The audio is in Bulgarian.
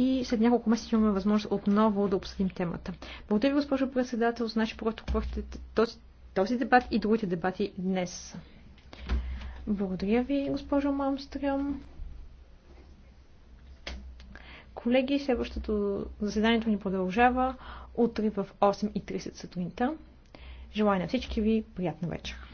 и след няколко месеца имаме възможност отново да обсъдим темата. Благодаря ви, госпожо председател, за нашия проект, този, този дебат и другите дебати днес. Благодаря ви, госпожо Малмстрем. Колеги, следващото заседанието ни продължава утре в 8.30 сутринта. Желая на всички ви приятна вечер!